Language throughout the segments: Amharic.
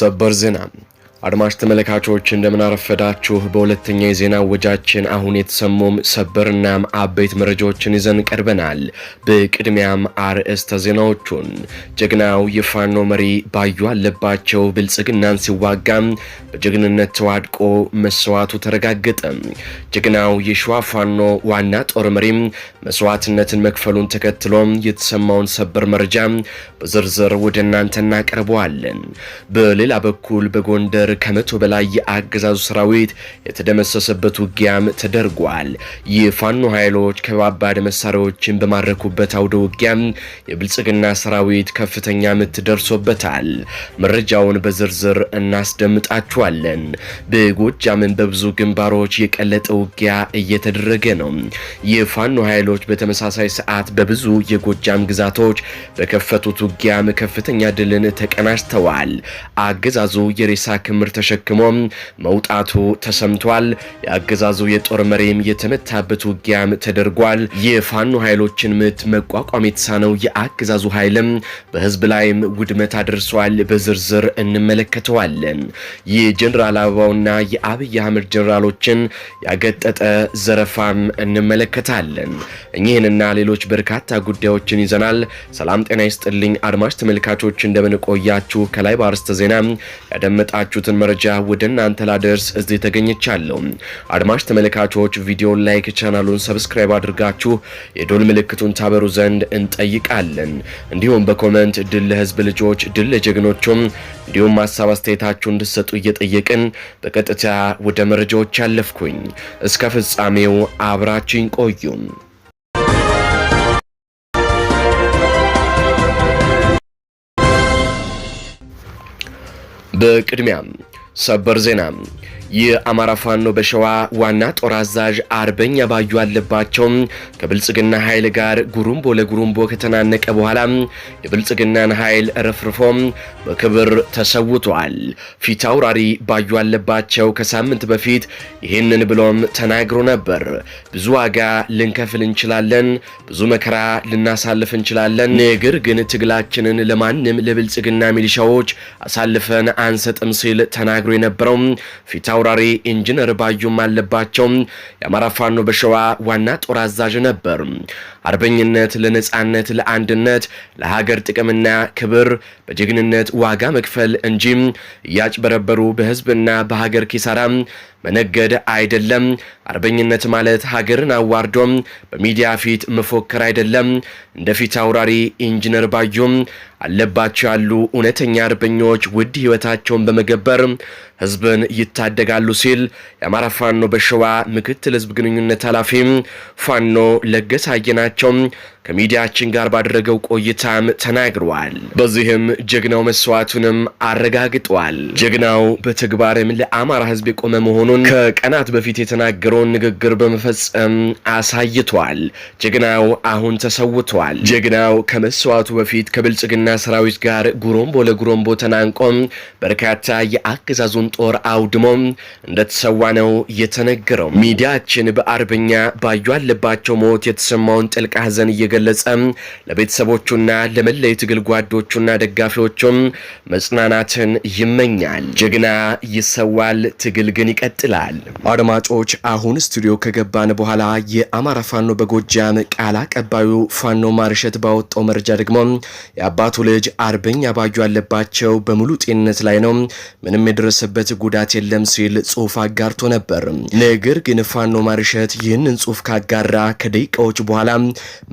ሰበር ዜና አድማጭ ተመልካቾች እንደምን አረፈዳችሁ። በሁለተኛ የዜና ወጃችን አሁን የተሰሙም ሰበርናም አበይት መረጃዎችን ይዘን ቀርበናል። በቅድሚያም አርዕስተ ዜናዎቹን ጀግናው የፋኖ መሪ ባዩ አለባቸው ብልጽግናን ሲዋጋም በጀግንነት ተዋድቆ መስዋዕቱ ተረጋገጠ። ጀግናው የሸዋ ፋኖ ዋና ጦር መሪም መስዋዕትነትን መክፈሉን ተከትሎም የተሰማውን ሰበር መረጃ በዝርዝር ወደ እናንተ እናቀርበዋለን። በሌላ በኩል በጎንደር ጭምር ከመቶ በላይ የአገዛዙ ሰራዊት የተደመሰሰበት ውጊያም ተደርጓል። የፋኖ ኃይሎች ከባባድ መሳሪያዎችን በማረኩበት አውደ ውጊያም የብልጽግና ሰራዊት ከፍተኛ ምት ደርሶበታል። መረጃውን በዝርዝር እናስደምጣችኋለን። በጎጃምን በብዙ ግንባሮች የቀለጠ ውጊያ እየተደረገ ነው። የፋኖ ኃይሎች በተመሳሳይ ሰዓት በብዙ የጎጃም ግዛቶች በከፈቱት ውጊያም ከፍተኛ ድልን ተቀናጅተዋል። አገዛዙ የሬሳ ክም ክምር ተሸክሞ መውጣቱ ተሰምቷል። የአገዛዙ የጦር መሪም የተመታበት ውጊያም ተደርጓል። የፋኖ ኃይሎችን ምት መቋቋም የተሳነው የአገዛዙ ኃይልም በህዝብ ላይም ውድመት አድርሷል። በዝርዝር እንመለከተዋለን። የጀኔራል አበባውና የአብይ አህመድ ጀኔራሎችን ያገጠጠ ዘረፋም እንመለከታለን። እኚህንና ሌሎች በርካታ ጉዳዮችን ይዘናል። ሰላም ጤና ይስጥልኝ አድማጭ ተመልካቾች እንደምንቆያችሁ ከላይ በአርስተ ዜና ያደመጣችሁት ያገኘሁትን መረጃ ወደ እናንተ ላደርስ እዚህ ተገኝቻለሁ። አድማጭ ተመልካቾች ቪዲዮን ላይክ፣ ቻናሉን ሰብስክራይብ አድርጋችሁ የዶል ምልክቱን ታበሩ ዘንድ እንጠይቃለን። እንዲሁም በኮመንት ድል ለህዝብ ልጆች፣ ድል ለጀግኖቹም እንዲሁም ሀሳብ አስተያየታችሁ እንድሰጡ እየጠየቅን በቀጥታ ወደ መረጃዎች ያለፍኩኝ እስከ ፍጻሜው አብራችኝ ቆዩም። በቅድሚያ ሰበር ዜና የአማራ ፋኖ በሸዋ ዋና ጦር አዛዥ አርበኛ ባዩ አለባቸው ከብልጽግና ኃይል ጋር ጉሩምቦ ለጉሩምቦ ከተናነቀ በኋላ የብልጽግናን ኃይል ረፍርፎ በክብር ተሰውቷል። ፊት አውራሪ ባዩ አለባቸው ከሳምንት በፊት ይህንን ብሎም ተናግሮ ነበር። ብዙ ዋጋ ልንከፍል እንችላለን፣ ብዙ መከራ ልናሳልፍ እንችላለን። ነገር ግን ትግላችንን ለማንም ለብልጽግና ሚሊሻዎች አሳልፈን አንሰጥም ሲል ተናግሮ የነበረው ፊታው አውራሪ ኢንጂነር ባዩም አለባቸው የአማራ ፋኖ በሸዋ ዋና ጦር አዛዥ ነበር። አርበኝነት ለነጻነት፣ ለአንድነት፣ ለሀገር ጥቅምና ክብር በጀግንነት ዋጋ መክፈል እንጂ እያጭበረበሩ በህዝብና በሀገር ኪሳራ መነገድ አይደለም። አርበኝነት ማለት ሀገርን አዋርዶም በሚዲያ ፊት መፎከር አይደለም። እንደ ፊት አውራሪ ኢንጂነር ባዩም አለባቸው ያሉ እውነተኛ አርበኞች ውድ ህይወታቸውን በመገበር ህዝብን ይታደጋሉ ሲል የአማራ ፋኖ በሸዋ ምክትል ህዝብ ግንኙነት ኃላፊ ፋኖ ለገሰ ከሚዲያችን ጋር ባደረገው ቆይታም ተናግረዋል። በዚህም ጀግናው መስዋዕቱንም አረጋግጧል። ጀግናው በተግባርም ለአማራ ህዝብ የቆመ መሆኑን ከቀናት በፊት የተናገረውን ንግግር በመፈጸም አሳይቷል። ጀግናው አሁን ተሰውቷል። ጀግናው ከመስዋዕቱ በፊት ከብልጽግና ሰራዊት ጋር ጉሮምቦ ለጉሮምቦ ተናንቆም በርካታ የአገዛዙን ጦር አውድሞም እንደተሰዋ ነው የተነገረው። ሚዲያችን በአርበኛ ባዩ አለባቸው ሞት የተሰማውን ጥልቅ እየ እየገለጸ ለቤተሰቦቹና ለመለይ ትግል ጓዶቹና ደጋፊዎቹም መጽናናትን ይመኛል። ጀግና ይሰዋል፣ ትግል ግን ይቀጥላል። አድማጮች፣ አሁን ስቱዲዮ ከገባን በኋላ የአማራ ፋኖ በጎጃም ቃል አቀባዩ ፋኖ ማርሸት ባወጣው መረጃ ደግሞ የአባቱ ልጅ አርበኛ ባዩ ያለባቸው በሙሉ ጤንነት ላይ ነው፣ ምንም የደረሰበት ጉዳት የለም ሲል ጽሁፍ አጋርቶ ነበር። ነገር ግን ፋኖ ማርሸት ይህንን ጽሁፍ ካጋራ ከደቂቃዎች በኋላ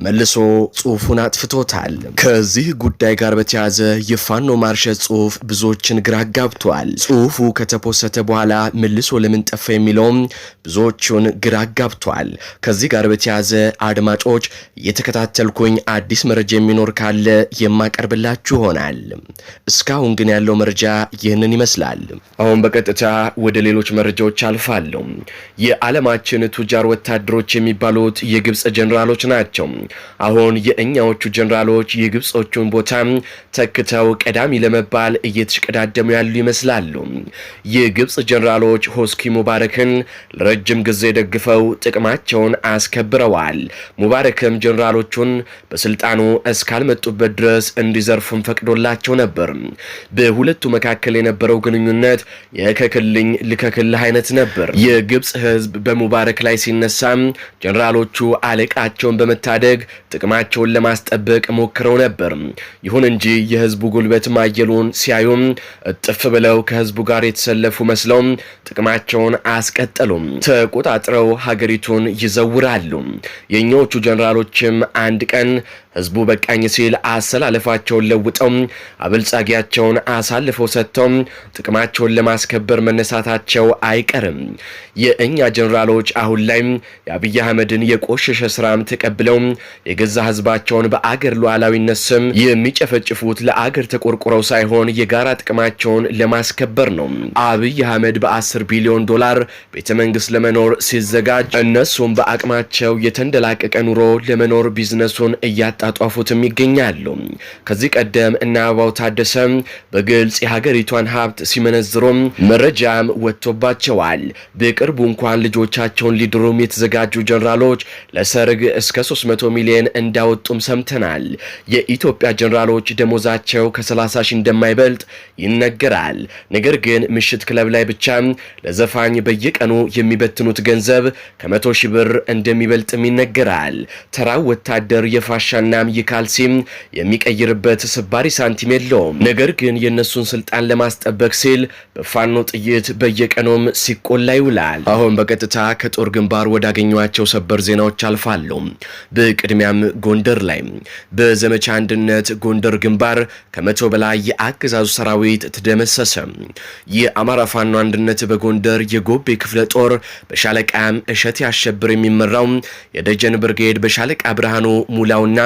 መልሶ መልሶ ጽሁፉን አጥፍቶታል። ከዚህ ጉዳይ ጋር በተያያዘ የፋኖ ማርሸት ጽሁፍ ብዙዎችን ግራ አጋብቷል። ጽሁፉ ከተፖሰተ በኋላ መልሶ ለምን ጠፋ የሚለውም ብዙዎቹን ግራ አጋብቷል። ከዚህ ጋር በተያያዘ አድማጮች እየተከታተልኩኝ አዲስ መረጃ የሚኖር ካለ የማቀርብላችሁ ይሆናል። እስካሁን ግን ያለው መረጃ ይህንን ይመስላል። አሁን በቀጥታ ወደ ሌሎች መረጃዎች አልፋለሁ። የዓለማችን ቱጃር ወታደሮች የሚባሉት የግብፅ ጀኔራሎች ናቸው። አሁን የእኛዎቹ ጀኔራሎች የግብጾቹን ቦታ ተክተው ቀዳሚ ለመባል እየተሽቀዳደሙ ያሉ ይመስላሉ። የግብጽ ጀኔራሎች ሆስኪ ሙባረክን ለረጅም ጊዜ ደግፈው ጥቅማቸውን አስከብረዋል። ሙባረክም ጀኔራሎቹን በስልጣኑ እስካልመጡበት ድረስ እንዲዘርፉን ፈቅዶላቸው ነበር። በሁለቱ መካከል የነበረው ግንኙነት የከክልኝ ልከክልህ አይነት ነበር። የግብጽ ህዝብ በሙባረክ ላይ ሲነሳ ጀኔራሎቹ አለቃቸውን በመታደግ ጥቅማቸውን ለማስጠበቅ ሞክረው ነበር። ይሁን እንጂ የህዝቡ ጉልበት ማየሉን ሲያዩም እጥፍ ብለው ከህዝቡ ጋር የተሰለፉ መስለው ጥቅማቸውን አስቀጠሉም። ተቆጣጥረው ሀገሪቱን ይዘውራሉ። የእኛዎቹ ጀኔራሎችም አንድ ቀን ህዝቡ በቃኝ ሲል አሰላለፋቸውን ለውጠው አበልጻጊያቸውን አሳልፈው ሰጥተው ጥቅማቸውን ለማስከበር መነሳታቸው አይቀርም። የእኛ ጀኔራሎች አሁን ላይ የአብይ አህመድን የቆሸሸ ስራም ተቀብለው የገዛ ህዝባቸውን በአገር ሉዓላዊነት ስም የሚጨፈጭፉት ለአገር ተቆርቁረው ሳይሆን የጋራ ጥቅማቸውን ለማስከበር ነው። አብይ አህመድ በ10 ቢሊዮን ዶላር ቤተ መንግስት ለመኖር ሲዘጋጅ እነሱም በአቅማቸው የተንደላቀቀ ኑሮ ለመኖር ቢዝነሱን እያጣጧፉትም ይገኛሉ። ከዚህ ቀደም እነ አበባው ታደሰም በግልጽ የሀገሪቷን ሀብት ሲመነዝሩም መረጃም ወጥቶባቸዋል። በቅርቡ እንኳን ልጆቻቸውን ሊድሩም የተዘጋጁ ጀኔራሎች ለሰርግ እስከ 300 ሚሊዮን እንዳወጡም ሰምተናል። የኢትዮጵያ ጀኔራሎች ደሞዛቸው ከ30 ሺህ እንደማይበልጥ ይነገራል። ነገር ግን ምሽት ክለብ ላይ ብቻ ለዘፋኝ በየቀኑ የሚበትኑት ገንዘብ ከመቶ ሺህ ብር እንደሚበልጥም ይነገራል። ተራው ወታደር የፋሻና የካልሲም የሚቀይርበት ስባሪ ሳንቲም የለውም። ነገር ግን የእነሱን ስልጣን ለማስጠበቅ ሲል በፋኖ ጥይት በየቀኑም ሲቆላ ይውላል። አሁን በቀጥታ ከጦር ግንባር ወዳገኟቸው ሰበር ዜናዎች አልፋሉ። በቅድሚያም ሰላም ጎንደር ላይ በዘመቻ አንድነት ጎንደር ግንባር ከመቶ በላይ የአገዛዙ ሰራዊት ተደመሰሰ። የአማራ ፋኖ አንድነት በጎንደር የጎቤ ክፍለ ጦር በሻለቃ እሸት ያሸብር የሚመራው የደጀን ብርጌድ በሻለቃ ብርሃኑ ሙላውና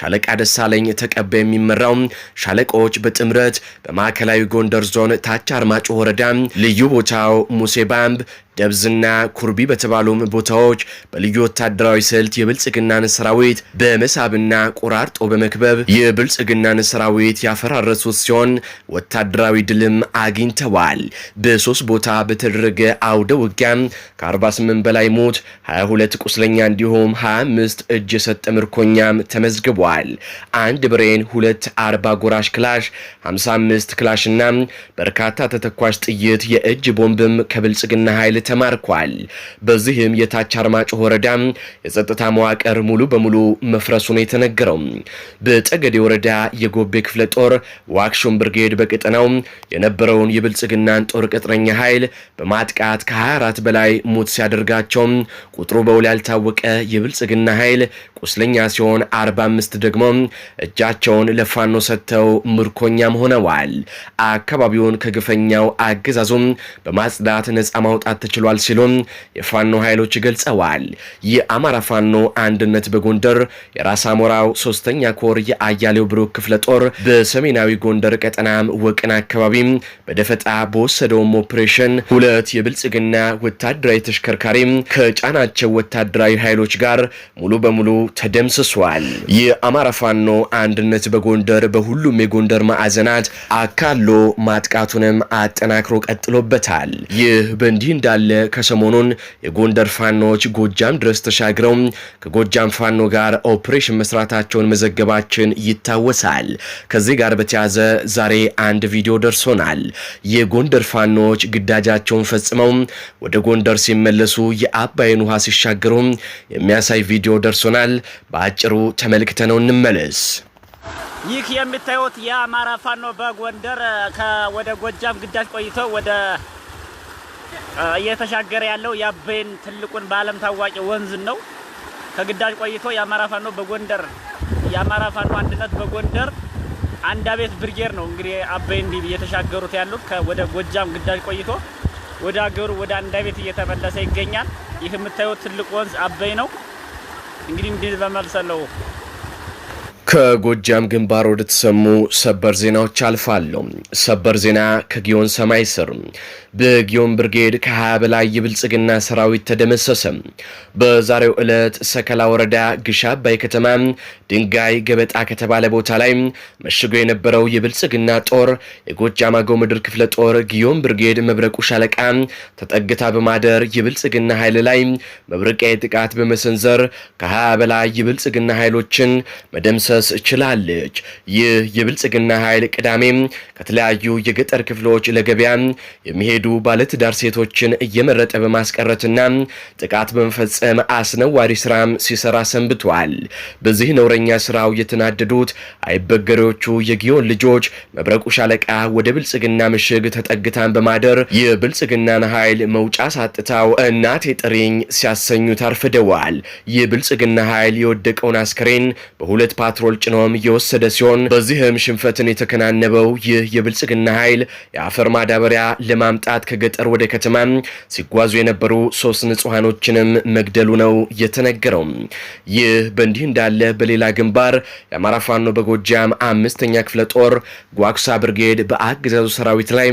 ሻለቃ ደሳለኝ ተቀባ የሚመራው ሻለቆች በጥምረት በማዕከላዊ ጎንደር ዞን ታች አርማጭሆ ወረዳ ልዩ ቦታው ሙሴ ባምብ ደብዝና ኩርቢ በተባሉም ቦታዎች በልዩ ወታደራዊ ስልት የብልጽግናን ሰራዊት በመሳብና ቆራርጦ በመክበብ የብልጽግናን ሰራዊት ያፈራረሱት ሲሆን ወታደራዊ ድልም አግኝተዋል። በሶስት ቦታ በተደረገ አውደ ውጊያም ከ48 በላይ ሞት፣ 22 ቁስለኛ እንዲሁም 25 እጅ የሰጠ ምርኮኛም ተመዝግቧል። አንድ ብሬን፣ ሁለት አርባ ጎራሽ ክላሽ፣ 55 ክላሽና በርካታ ተተኳሽ ጥይት፣ የእጅ ቦምብም ከብልጽግና ኃይል ተማርኳል። በዚህም የታች አርማጭሆ ወረዳ የጸጥታ መዋቅር ሙሉ በሙሉ መፍረሱ ነው የተነገረው። በጠገዴ ወረዳ የጎቤ ክፍለ ጦር ዋክሹም ብርጌድ በቀጠናው የነበረውን የብልጽግናን ጦር ቅጥረኛ ኃይል በማጥቃት ከ24 በላይ ሞት ሲያደርጋቸው ቁጥሩ በውል ያልታወቀ የብልጽግና ኃይል ቁስለኛ ሲሆን 45 ደግሞ እጃቸውን ለፋኖ ሰጥተው ምርኮኛም ሆነዋል። አካባቢውን ከግፈኛው አገዛዙም በማጽዳት ነፃ ማውጣት ተችሏል ችሏል ሲሉም የፋኖ ኃይሎች ገልጸዋል። የአማራ ፋኖ አንድነት በጎንደር የራስ አሞራው ሶስተኛ ኮር የአያሌው ብሩክ ክፍለ ጦር በሰሜናዊ ጎንደር ቀጠና ወቅን አካባቢም በደፈጣ በወሰደውም ኦፕሬሽን ሁለት የብልጽግና ወታደራዊ ተሽከርካሪም ከጫናቸው ወታደራዊ ኃይሎች ጋር ሙሉ በሙሉ ተደምስሷል። የአማራ ፋኖ አንድነት በጎንደር በሁሉም የጎንደር ማዕዘናት አካሎ ማጥቃቱንም አጠናክሮ ቀጥሎበታል። ይህ በእንዲህ እንዳለ እያለ ከሰሞኑን የጎንደር ፋኖዎች ጎጃም ድረስ ተሻግረው ከጎጃም ፋኖ ጋር ኦፕሬሽን መስራታቸውን መዘገባችን ይታወሳል። ከዚህ ጋር በተያዘ ዛሬ አንድ ቪዲዮ ደርሶናል። የጎንደር ፋኖዎች ግዳጃቸውን ፈጽመው ወደ ጎንደር ሲመለሱ የአባይን ውሃ ሲሻገሩ የሚያሳይ ቪዲዮ ደርሶናል። በአጭሩ ተመልክተነው እንመለስ። ይህ የምታዩት የአማራ ፋኖ በጎንደር ወደ ጎጃም ግዳጅ ቆይቶ ወደ እየተሻገረ ያለው የአበይን ትልቁን በዓለም ታዋቂ ወንዝ ነው። ከግዳጅ ቆይቶ የአማራ ፋኖ በጎንደር የአማራ ፋኖ አንድነት በጎንደር አንድ አቤት ብርጌር ነው እንግዲህ አበይን እየተሻገሩት ያሉት ወደ ጎጃም ግዳጅ ቆይቶ ወደ ሀገሩ ወደ አንድ አቤት እየተመለሰ ይገኛል። ይህ የምታዩት ትልቅ ወንዝ አበይ ነው። እንግዲህ እንዲህ በመልሰለው ከጎጃም ግንባር ወደ ተሰሙ ሰበር ዜናዎች አልፋለሁ። ሰበር ዜና ከጊዮን ሰማይ ስር በጊዮን ብርጌድ ከ20 በላይ የብልጽግና ሰራዊት ተደመሰሰ። በዛሬው ዕለት ሰከላ ወረዳ ግሻ አባይ ከተማ ድንጋይ ገበጣ ከተባለ ቦታ ላይ መሽጎ የነበረው የብልጽግና ጦር የጎጃም አገው ምድር ክፍለ ጦር ጊዮን ብርጌድ መብረቁ ሻለቃ ተጠግታ በማደር የብልጽግና ኃይል ላይ መብረቂያ ጥቃት በመሰንዘር ከ20 በላይ የብልጽግና ኃይሎችን መደምሰስ መድረስ ችላለች። ይህ የብልጽግና ኃይል ቅዳሜ ከተለያዩ የገጠር ክፍሎች ለገበያ የሚሄዱ ባለትዳር ሴቶችን እየመረጠ በማስቀረትና ጥቃት በመፈጸም አስነዋሪ ስራም ሲሰራ ሰንብቷል። በዚህ ነውረኛ ስራው የተናደዱት አይበገሬዎቹ የጊዮን ልጆች መብረቁ ሻለቃ ወደ ብልጽግና ምሽግ ተጠግታን በማደር የብልጽግናን ኃይል መውጫ ሳጥታው እናቴ ጥሪኝ ሲያሰኙ ታርፍደዋል። ይህ ብልጽግና ኃይል የወደቀውን አስከሬን በሁለት ፓትሮ ፔትሮል ጭኖም እየወሰደ ሲሆን በዚህም ሽንፈትን የተከናነበው ይህ የብልጽግና ኃይል የአፈር ማዳበሪያ ለማምጣት ከገጠር ወደ ከተማ ሲጓዙ የነበሩ ሶስት ንጹሐኖችንም መግደሉ ነው የተነገረው። ይህ በእንዲህ እንዳለ በሌላ ግንባር የአማራ ፋኖ በጎጃም አምስተኛ ክፍለ ጦር ጓኩሳ ብርጌድ በአገዛዙ ሰራዊት ላይ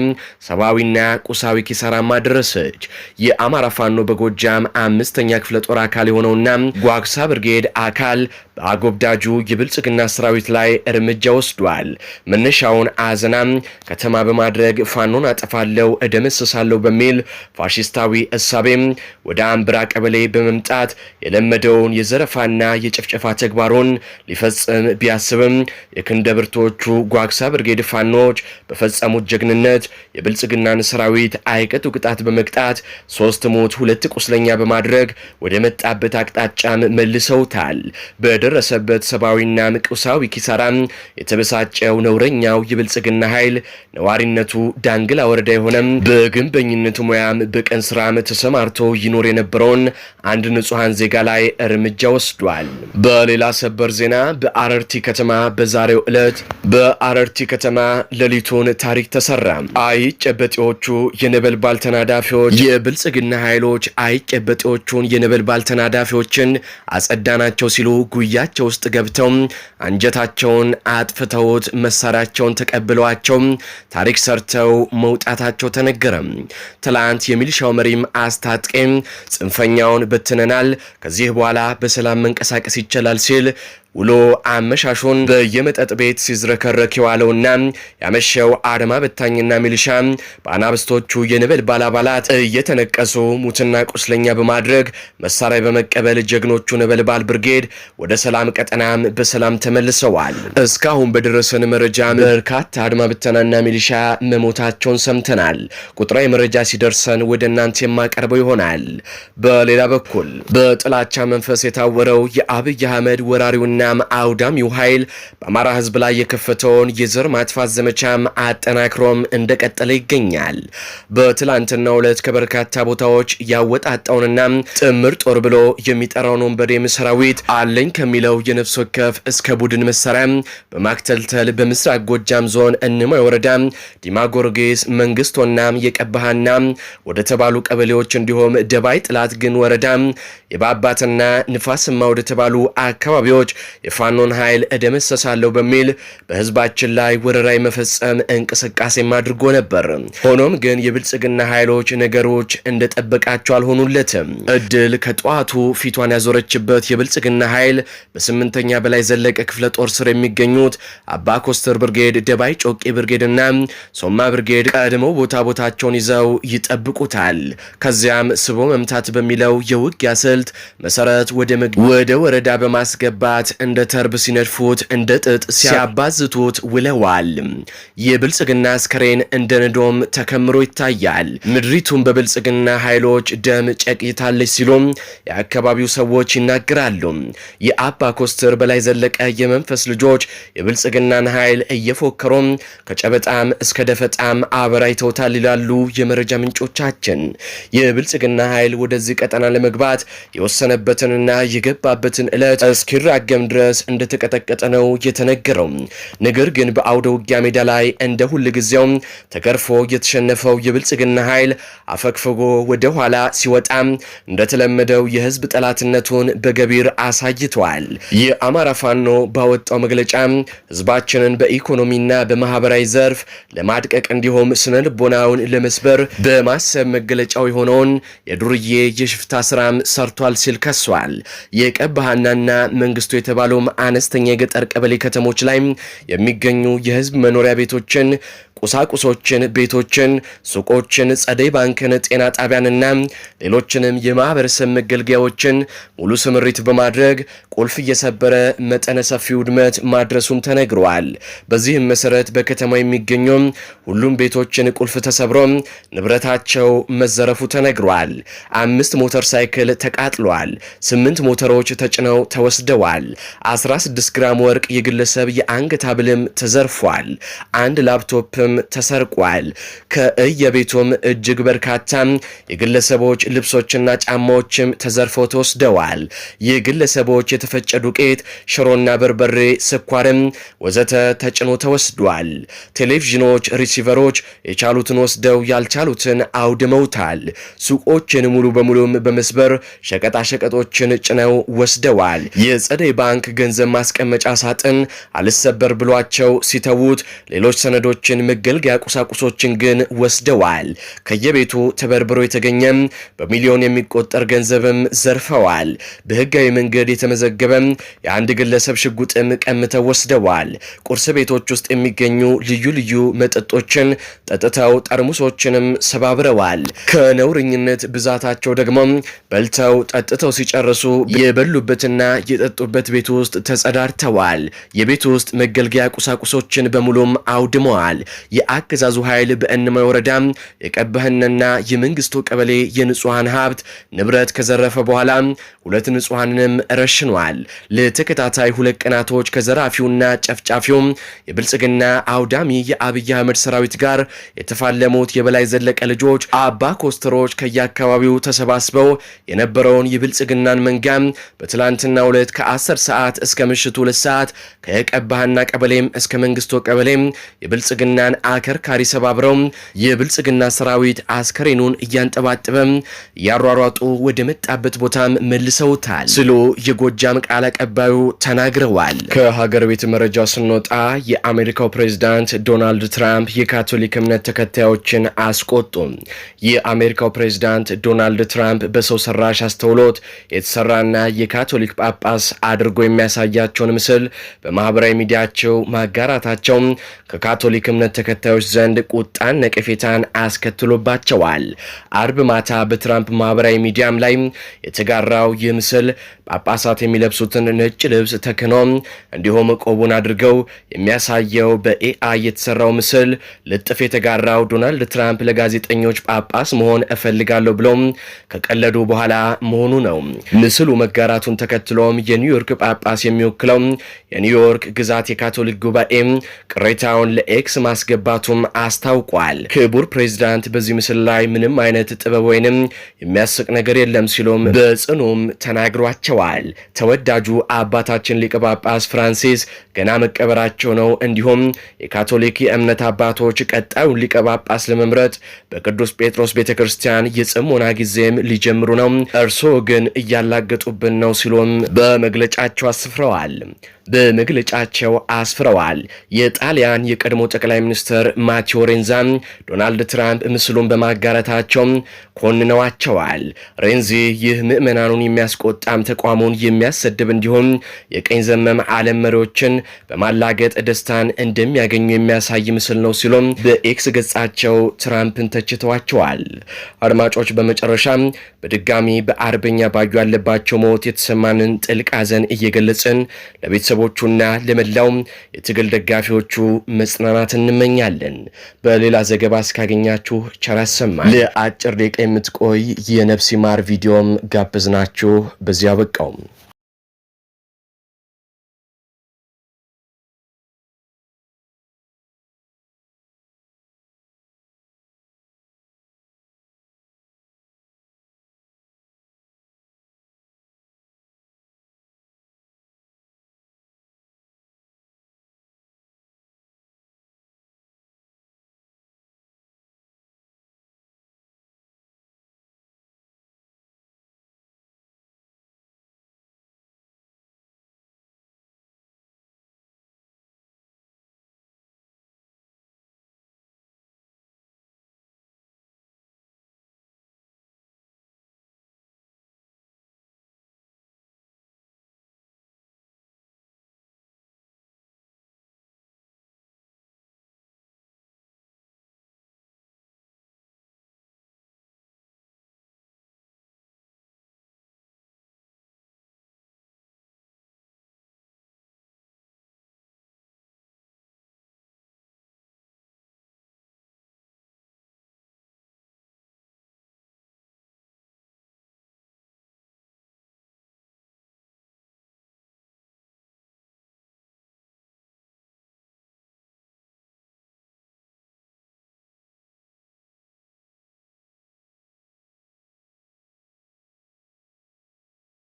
ሰብአዊና ቁሳዊ ኪሳራማ ደረሰች። የአማራ ፋኖ በጎጃም አምስተኛ ክፍለ ጦር አካል የሆነውና ጓኩሳ ብርጌድ አካል በአጎብዳጁ የብልጽግ ብልጽግና ሰራዊት ላይ እርምጃ ወስዷል። መነሻውን አዘናም ከተማ በማድረግ ፋኖን አጠፋለው እደመስሳለሁ በሚል ፋሽስታዊ እሳቤም ወደ አንብራ ቀበሌ በመምጣት የለመደውን የዘረፋና የጭፍጨፋ ተግባሩን ሊፈጽም ቢያስብም የክንደ ብርቶቹ ጓግሳ ብርጌድ ፋኖች በፈጸሙት ጀግንነት የብልጽግናን ሰራዊት አይቀጡ ቅጣት በመቅጣት ሶስት ሞት ሁለት ቁስለኛ በማድረግ ወደ መጣበት አቅጣጫም መልሰውታል። በደረሰበት ሰብአዊና ቁሳዊ ኪሳራም የተበሳጨው ነውረኛው የብልጽግና ኃይል ነዋሪነቱ ዳንግላ ወረዳ የሆነም በግንበኝነቱ ሙያም በቀን ስራም ተሰማርቶ ይኖር የነበረውን አንድ ንጹሐን ዜጋ ላይ እርምጃ ወስዷል። በሌላ ሰበር ዜና በአረርቲ ከተማ በዛሬው ዕለት በአረርቲ ከተማ ሌሊቱን ታሪክ ተሰራ። አይጨበጤዎቹ የነበልባል ተናዳፊዎች የብልጽግና ኃይሎች አይጨበጤዎቹን የነበልባል ተናዳፊዎችን አጸዳናቸው ሲሉ ጉያቸው ውስጥ ገብተው አንጀታቸውን አጥፍተውት መሳሪያቸውን ተቀብለዋቸው ታሪክ ሰርተው መውጣታቸው ተነገረ። ትላንት የሚሊሻው መሪም አስታጥቄም ጽንፈኛውን በትነናል፣ ከዚህ በኋላ በሰላም መንቀሳቀስ ይቻላል ሲል ውሎ አመሻሹን በየመጠጥ ቤት ሲዝረከረክ የዋለውና ያመሸው አድማ በታኝና ሚሊሻ በአናብስቶቹ የንበልባል አባላት እየተነቀሱ ሙትና ቁስለኛ በማድረግ መሳሪያ በመቀበል ጀግኖቹ ነበልባል ብርጌድ ወደ ሰላም ቀጠና በሰላም ተመልሰዋል። እስካሁን በደረሰን መረጃ በርካታ አድማ ብተናና ሚሊሻ መሞታቸውን ሰምተናል። ቁጥራዊ መረጃ ሲደርሰን ወደ እናንተ የማቀርበው ይሆናል። በሌላ በኩል በጥላቻ መንፈስ የታወረው የአብይ አህመድ ወራሪውና እናም አውዳሚው ኃይል በአማራ ህዝብ ላይ የከፈተውን የዘር ማጥፋት ዘመቻም አጠናክሮም እንደቀጠለ ይገኛል። በትላንትናው ዕለት ከበርካታ ቦታዎች ያወጣጣውንና ጥምር ጦር ብሎ የሚጠራውን ወንበዴም ሰራዊት አለኝ ከሚለው የነፍስ ወከፍ እስከ ቡድን መሳሪያ በማክተልተል በምስራቅ ጎጃም ዞን እንማ ወረዳ ዲማጎርጌስ መንግስቶና የቀባሃና ወደ ተባሉ ቀበሌዎች እንዲሁም ደባይ ጥላት ግን ወረዳ የባባትና ንፋስማ ወደ ተባሉ አካባቢዎች የፋኖን ኃይል እደመሰሳለሁ በሚል በህዝባችን ላይ ወረራ የመፈጸም እንቅስቃሴም አድርጎ ነበር። ሆኖም ግን የብልጽግና ኃይሎች ነገሮች እንደጠበቃቸው አልሆኑለትም። እድል ከጠዋቱ ፊቷን ያዞረችበት የብልጽግና ኃይል በስምንተኛ በላይ ዘለቀ ክፍለ ጦር ስር የሚገኙት አባ ኮስተር ብርጌድ፣ ደባይ ጮቄ ብርጌድና ሶማ ብርጌድ ቀድመው ቦታ ቦታቸውን ይዘው ይጠብቁታል። ከዚያም ስቦ መምታት በሚለው የውጊያ ስልት መሰረት ወደ ወረዳ በማስገባት እንደ ተርብ ሲነድፉት እንደ ጥጥ ሲያባዝቱት ውለዋል። የብልጽግና አስከሬን እንደ ንዶም ተከምሮ ይታያል። ምድሪቱን በብልጽግና ኃይሎች ደም ጨቅይታለች ሲሉም የአካባቢው ሰዎች ይናገራሉ። የአባ ኮስተር በላይ ዘለቀ የመንፈስ ልጆች የብልጽግናን ኃይል እየፎከሩም ከጨበጣም እስከ ደፈጣም አበራይተውታል ይላሉ የመረጃ ምንጮቻችን። የብልጽግና ኃይል ወደዚህ ቀጠና ለመግባት የወሰነበትንና የገባበትን ዕለት እስኪራገም ድረስ እንደተቀጠቀጠ ነው የተነገረው። ነገር ግን በአውደ ውጊያ ሜዳ ላይ እንደ ሁል ጊዜው ተገርፎ የተሸነፈው የብልጽግና ኃይል አፈግፍጎ ወደ ኋላ ሲወጣ እንደተለመደው የህዝብ ጠላትነቱን በገቢር አሳይቷል። የአማራ ፋኖ ባወጣው መግለጫ ህዝባችንን በኢኮኖሚና በማህበራዊ ዘርፍ ለማድቀቅ እንዲሁም ስነ ልቦናውን ለመስበር በማሰብ መገለጫው የሆነውን የዱርዬ የሽፍታ ስራም ሰርቷል ሲል ከሷል። የቀብሃናና መንግስቱ በተባለውም አነስተኛ የገጠር ቀበሌ ከተሞች ላይ የሚገኙ የህዝብ መኖሪያ ቤቶችን ቁሳቁሶችን፣ ቤቶችን፣ ሱቆችን፣ ጸደይ ባንክን፣ ጤና ጣቢያንና ሌሎችንም የማህበረሰብ መገልገያዎችን ሙሉ ስምሪት በማድረግ ቁልፍ እየሰበረ መጠነ ሰፊ ውድመት ማድረሱም ተነግረዋል። በዚህም መሰረት በከተማ የሚገኙ ሁሉም ቤቶችን ቁልፍ ተሰብሮ ንብረታቸው መዘረፉ ተነግሯል። አምስት ሞተር ሳይክል ተቃጥሏል። ስምንት ሞተሮች ተጭነው ተወስደዋል። 16 ግራም ወርቅ የግለሰብ የአንገት ሀብልም ተዘርፏል። አንድ ላፕቶፕ ገንዘብም ተሰርቋል። ከእየቤቱም እጅግ በርካታ የግለሰቦች ልብሶችና ጫማዎችም ተዘርፎ ተወስደዋል። የግለሰቦች የተፈጨ ዱቄት፣ ሽሮና በርበሬ፣ ስኳርም ወዘተ ተጭኖ ተወስዷል። ቴሌቪዥኖች፣ ሪሲቨሮች የቻሉትን ወስደው ያልቻሉትን አውድመውታል። ሱቆችን ሙሉ በሙሉም በመስበር ሸቀጣሸቀጦችን ጭነው ወስደዋል። የጸደይ ባንክ ገንዘብ ማስቀመጫ ሳጥን አልሰበር ብሏቸው ሲተዉት ሌሎች ሰነዶችን መገልገያ ቁሳቁሶችን ግን ወስደዋል። ከየቤቱ ተበርብሮ የተገኘም በሚሊዮን የሚቆጠር ገንዘብም ዘርፈዋል። በህጋዊ መንገድ የተመዘገበም የአንድ ግለሰብ ሽጉጥም ቀምተው ወስደዋል። ቁርስ ቤቶች ውስጥ የሚገኙ ልዩ ልዩ መጠጦችን ጠጥተው ጠርሙሶችንም ሰባብረዋል። ከነውረኝነት ብዛታቸው ደግሞ በልተው ጠጥተው ሲጨርሱ የበሉበትና የጠጡበት ቤት ውስጥ ተጸዳድተዋል። የቤት ውስጥ መገልገያ ቁሳቁሶችን በሙሉም አውድመዋል። የአገዛዙ ኃይል በእንመ ወረዳ የቀበህነና የመንግስቱ ቀበሌ የንጹሐን ሀብት ንብረት ከዘረፈ በኋላ ሁለት ንጹሐንንም ረሽኗል። ለተከታታይ ሁለት ቀናቶች ከዘራፊውና ጨፍጫፊው የብልጽግና አውዳሚ የአብይ አህመድ ሰራዊት ጋር የተፋለሙት የበላይ ዘለቀ ልጆች አባ ኮስተሮች ከየአካባቢው ተሰባስበው የነበረውን የብልጽግናን መንጋ በትላንትና ሁለት ከ10 ሰዓት እስከ ምሽቱ 2 ሰዓት ከየቀባህና ቀበሌም እስከ መንግስቱ ቀበሌም የብልጽግናን አከርካሪ ሰባብረው የብልጽግና ሰራዊት አስከሬኑን እያንጠባጠበም ያሯሯጡ ወደ መጣበት ቦታም መልሰውታል ስሎ የጎጃም ቃል አቀባዩ ተናግረዋል። ከሀገር ቤት መረጃ ስንወጣ የአሜሪካው ፕሬዝዳንት ዶናልድ ትራምፕ የካቶሊክ እምነት ተከታዮችን አስቆጡ። የአሜሪካው ፕሬዝዳንት ዶናልድ ትራምፕ በሰው ሰራሽ አስተውሎት የተሰራና የካቶሊክ ጳጳስ አድርጎ የሚያሳያቸውን ምስል በማህበራዊ ሚዲያቸው ማጋራታቸው ከካቶሊክ እምነት ተከታዮች ዘንድ ቁጣን፣ ነቀፌታን አስከትሎባቸዋል። አርብ ማታ በትራምፕ ማህበራዊ ሚዲያም ላይ የተጋራው ይህ ምስል ጳጳሳት የሚለብሱትን ነጭ ልብስ ተክኖ እንዲሁም ቆቡን አድርገው የሚያሳየው በኤአይ የተሰራው ምስል ልጥፍ የተጋራው ዶናልድ ትራምፕ ለጋዜጠኞች ጳጳስ መሆን እፈልጋለሁ ብሎም ከቀለዱ በኋላ መሆኑ ነው። ምስሉ መጋራቱን ተከትሎም የኒውዮርክ ጳጳስ የሚወክለው የኒውዮርክ ግዛት የካቶሊክ ጉባኤ ቅሬታውን ለኤክስ ማስገ እንደሚገባቱም አስታውቋል። ክቡር ፕሬዚዳንት በዚህ ምስል ላይ ምንም አይነት ጥበብ ወይንም የሚያስቅ ነገር የለም ሲሉም በጽኑም ተናግሯቸዋል። ተወዳጁ አባታችን ሊቀ ጳጳስ ፍራንሲስ ገና መቀበራቸው ነው። እንዲሁም የካቶሊክ የእምነት አባቶች ቀጣዩን ሊቀ ጳጳስ ለመምረጥ በቅዱስ ጴጥሮስ ቤተ ክርስቲያን የጽሞና ጊዜም ሊጀምሩ ነው። እርስዎ ግን እያላገጡብን ነው ሲሉም በመግለጫቸው አስፍረዋል። በመግለጫቸው አስፍረዋል። የጣሊያን የቀድሞ ጠቅላይ ሚኒስትር ማቴዎ ሬንዛ ዶናልድ ትራምፕ ምስሉን በማጋረታቸው ኮንነዋቸዋል። ሬንዚ ይህ ምዕመናኑን የሚያስቆጣም ተቋሙን የሚያሰድብ እንዲሁም የቀኝ ዘመም ዓለም መሪዎችን በማላገጥ ደስታን እንደሚያገኙ የሚያሳይ ምስል ነው ሲሉም በኤክስ ገጻቸው ትራምፕን ተችተዋቸዋል። አድማጮች፣ በመጨረሻ በድጋሚ በአርበኛ ባዩ ያለባቸው ሞት የተሰማንን ጥልቅ ሐዘን እየገለጽን ለቤተሰ ለቤተሰቦቹና ለመላው የትግል ደጋፊዎቹ መጽናናት እንመኛለን። በሌላ ዘገባ እስካገኛችሁ ቸር ያሰማል። ለአጭር ደቂቃ የምትቆይ የነፍሲ ማር ቪዲዮም ጋብዝናችሁ በዚያ በቃውም።